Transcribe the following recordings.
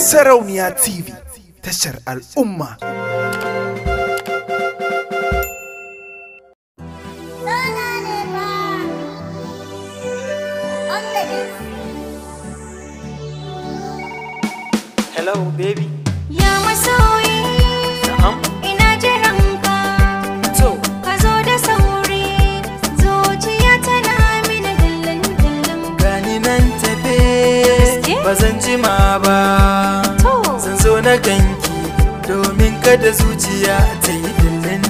Sarauniya TV tashar al'umma. Hello baby. Ya masoyi. Ina jiran ka. To. Ka zo da sauri. Zuciya tana mini dillan dillan. Gani nan tafe. Ba zan jima ba. na ganki domin kada zuciya ta yi dillin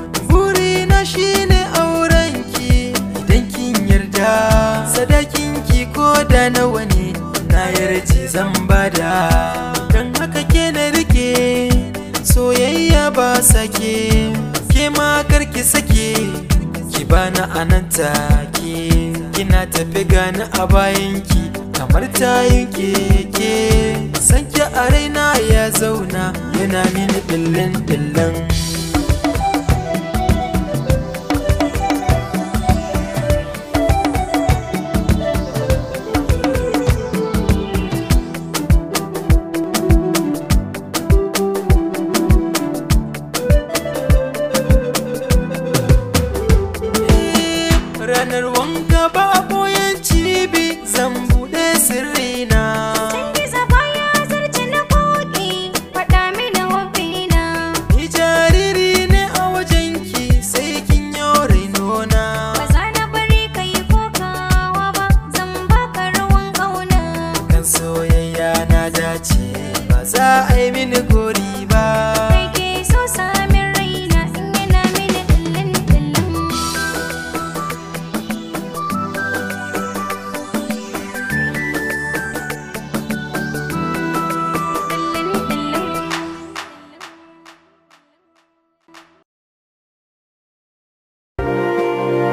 sadakin ki ko da nawa ne na yarji zan bada dan haka ke na rike soyayya ba sake ke ma karki sake ki bana anan take kina tafi gani a bayan ki kamar tayin keke sanke a raina ya zauna yana mini dillin dillin Fener one